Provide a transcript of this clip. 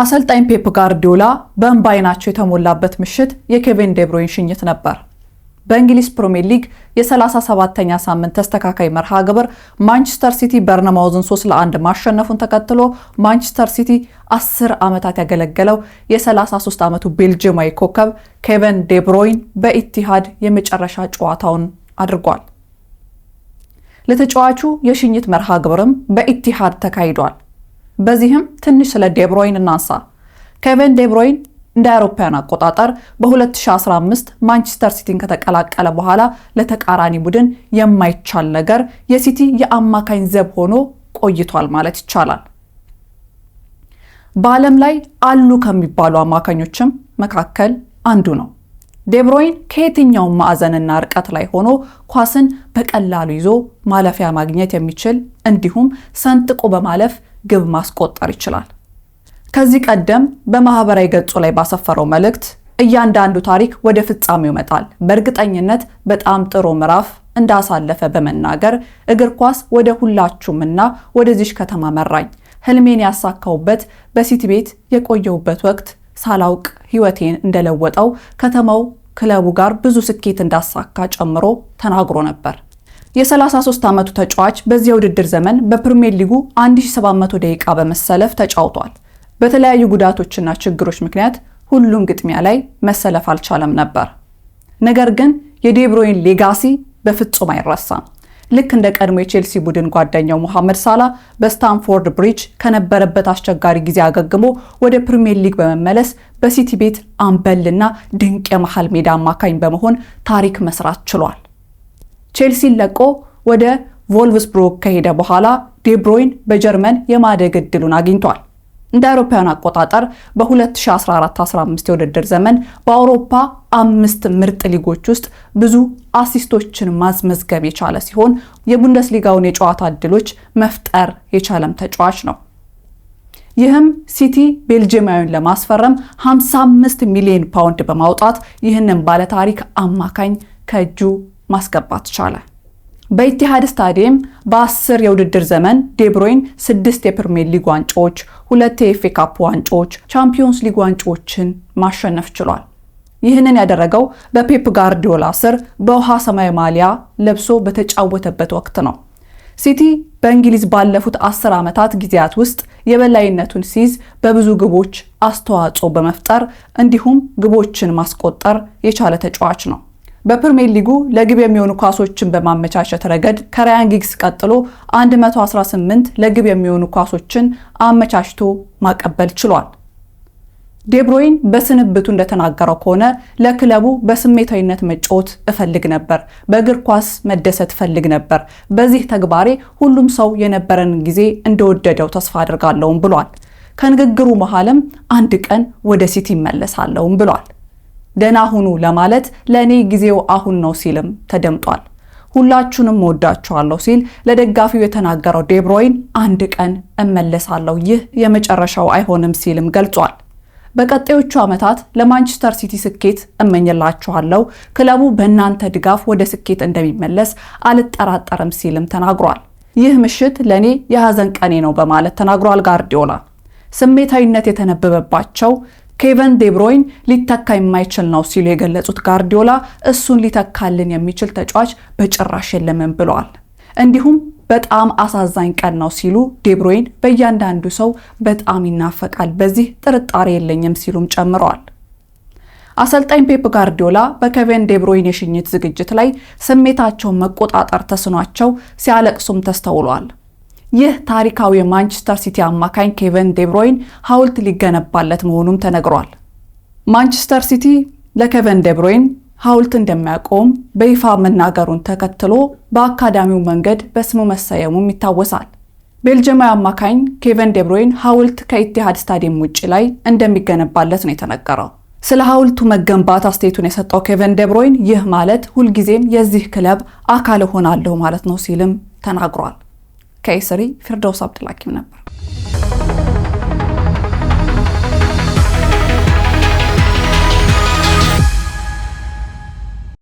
አሰልጣኝ ፔፕ ጋርዲዮላ በእንባ አይናቸው የተሞላበት ምሽት የኬቪን ዴብሮይን ሽኝት ነበር። በእንግሊዝ ፕሪምየር ሊግ የ37ኛ ሳምንት ተስተካካይ መርሃ ግብር ማንቸስተር ሲቲ በርነማውዝን 3 ለአንድ ማሸነፉን ተከትሎ ማንቸስተር ሲቲ 10 ዓመታት ያገለገለው የ33 ዓመቱ ቤልጅማዊ ኮከብ ኬቨን ዴብሮይን በኢቲሃድ የመጨረሻ ጨዋታውን አድርጓል። ለተጫዋቹ የሽኝት መርሃ ግብርም በኢቲሃድ ተካሂዷል። በዚህም ትንሽ ስለ ዴብሮይን እናንሳ። ኬቨን ዴብሮይን እንደ አውሮፓውያን አቆጣጠር በ2015 ማንቸስተር ሲቲን ከተቀላቀለ በኋላ ለተቃራኒ ቡድን የማይቻል ነገር የሲቲ የአማካኝ ዘብ ሆኖ ቆይቷል ማለት ይቻላል። በዓለም ላይ አሉ ከሚባሉ አማካኞችም መካከል አንዱ ነው። ዴብሮይን ከየትኛውም ማዕዘንና ርቀት ላይ ሆኖ ኳስን በቀላሉ ይዞ ማለፊያ ማግኘት የሚችል እንዲሁም ሰንጥቆ በማለፍ ግብ ማስቆጠር ይችላል። ከዚህ ቀደም በማህበራዊ ገጹ ላይ ባሰፈረው መልእክት እያንዳንዱ ታሪክ ወደ ፍጻሜው ይመጣል፣ በእርግጠኝነት በጣም ጥሩ ምዕራፍ እንዳሳለፈ በመናገር እግር ኳስ ወደ ሁላችሁም እና ወደዚች ከተማ መራኝ፣ ህልሜን ያሳካውበት፣ በሲቲ ቤት የቆየሁበት ወቅት ሳላውቅ ህይወቴን እንደለወጠው ከተማው ክለቡ ጋር ብዙ ስኬት እንዳሳካ ጨምሮ ተናግሮ ነበር። የ33 ዓመቱ ተጫዋች በዚህ የውድድር ዘመን በፕሪሚየር ሊጉ 1700 ደቂቃ በመሰለፍ ተጫውቷል። በተለያዩ ጉዳቶችና ችግሮች ምክንያት ሁሉም ግጥሚያ ላይ መሰለፍ አልቻለም ነበር። ነገር ግን የዴብሮይን ሌጋሲ በፍጹም አይረሳም። ልክ እንደ ቀድሞ የቼልሲ ቡድን ጓደኛው ሙሐመድ ሳላ በስታንፎርድ ብሪጅ ከነበረበት አስቸጋሪ ጊዜ አገግሞ ወደ ፕሪሚየር ሊግ በመመለስ በሲቲ ቤት አምበልና ድንቅ የመሃል ሜዳ አማካኝ በመሆን ታሪክ መስራት ችሏል። ቼልሲን ለቆ ወደ ቮልቭስብሩክ ከሄደ በኋላ ዴብሮይን በጀርመን የማደግ እድሉን አግኝቷል። እንደ አውሮፓውያን አቆጣጠር በ2014-15 የውድድር ዘመን በአውሮፓ አምስት ምርጥ ሊጎች ውስጥ ብዙ አሲስቶችን ማስመዝገብ የቻለ ሲሆን የቡንደስሊጋውን የጨዋታ እድሎች መፍጠር የቻለም ተጫዋች ነው። ይህም ሲቲ ቤልጅማዊን ለማስፈረም 55 ሚሊዮን ፓውንድ በማውጣት ይህንን ባለታሪክ አማካኝ ከእጁ ማስገባት ቻለ። በኢቲሃድ ስታዲየም በአስር የውድድር ዘመን ዴብሮይን ስድስት የፕሪሚየር ሊግ ዋንጫዎች፣ ሁለት የኤፍ ካፕ ዋንጫዎች፣ ቻምፒዮንስ ሊግ ዋንጫዎችን ማሸነፍ ችሏል። ይህንን ያደረገው በፔፕ ጋርዲዮላ ስር በውሃ ሰማያዊ ማሊያ ለብሶ በተጫወተበት ወቅት ነው። ሲቲ በእንግሊዝ ባለፉት አስር ዓመታት ጊዜያት ውስጥ የበላይነቱን ሲይዝ በብዙ ግቦች አስተዋጽኦ በመፍጠር እንዲሁም ግቦችን ማስቆጠር የቻለ ተጫዋች ነው። በፕሪሚየር ሊጉ ለግብ የሚሆኑ ኳሶችን በማመቻቸት ረገድ ከራያን ጊግስ ቀጥሎ 118 ለግብ የሚሆኑ ኳሶችን አመቻችቶ ማቀበል ችሏል። ዴብሮይን በስንብቱ እንደተናገረው ከሆነ ለክለቡ በስሜታዊነት መጫወት እፈልግ ነበር፣ በእግር ኳስ መደሰት እፈልግ ነበር። በዚህ ተግባሬ ሁሉም ሰው የነበረን ጊዜ እንደወደደው ተስፋ አድርጋለሁም ብሏል። ከንግግሩ መሃልም አንድ ቀን ወደ ሲቲ ይመለሳለሁም ብሏል። ደህና ሁኑ ለማለት ለእኔ ጊዜው አሁን ነው ሲልም ተደምጧል። ሁላችሁንም ወዳችኋለሁ ሲል ለደጋፊው የተናገረው ዴብሮይን አንድ ቀን እመለሳለሁ፣ ይህ የመጨረሻው አይሆንም ሲልም ገልጿል። በቀጣዮቹ ዓመታት ለማንቸስተር ሲቲ ስኬት እመኝላችኋለሁ፣ ክለቡ በእናንተ ድጋፍ ወደ ስኬት እንደሚመለስ አልጠራጠርም ሲልም ተናግሯል። ይህ ምሽት ለእኔ የሐዘን ቀኔ ነው በማለት ተናግሯል ጋርዲዮላ። ስሜታዊነት የተነበበባቸው ኬቨን ዴብሮይን ሊተካ የማይችል ነው ሲሉ የገለጹት ጋርዲዮላ እሱን ሊተካልን የሚችል ተጫዋች በጭራሽ የለምን ብለዋል። እንዲሁም በጣም አሳዛኝ ቀን ነው ሲሉ ዴብሮይን በእያንዳንዱ ሰው በጣም ይናፈቃል፣ በዚህ ጥርጣሬ የለኝም ሲሉም ጨምረዋል። አሰልጣኝ ፔፕ ጋርዲዮላ በኬቨን ዴብሮይን የሽኝት ዝግጅት ላይ ስሜታቸውን መቆጣጠር ተስኗቸው ሲያለቅሱም ተስተውሏል። ይህ ታሪካዊ የማንቸስተር ሲቲ አማካኝ ኬቨን ዴብሮይን ሐውልት ሊገነባለት መሆኑም ተነግሯል። ማንቸስተር ሲቲ ለኬቨን ዴብሮይን ሐውልት እንደሚያቆም በይፋ መናገሩን ተከትሎ በአካዳሚው መንገድ በስሙ መሰየሙም ይታወሳል። ቤልጅማዊ አማካኝ ኬቨን ዴብሮይን ሐውልት ከኢቲሃድ ስታዲየም ውጭ ላይ እንደሚገነባለት ነው የተነገረው። ስለ ሐውልቱ መገንባት አስተያየቱን የሰጠው ኬቨን ዴብሮይን ይህ ማለት ሁልጊዜም የዚህ ክለብ አካል እሆናለሁ ማለት ነው ሲልም ተናግሯል። ከኢስሪ ፊርደውስ አብድልሐኪም ነበር።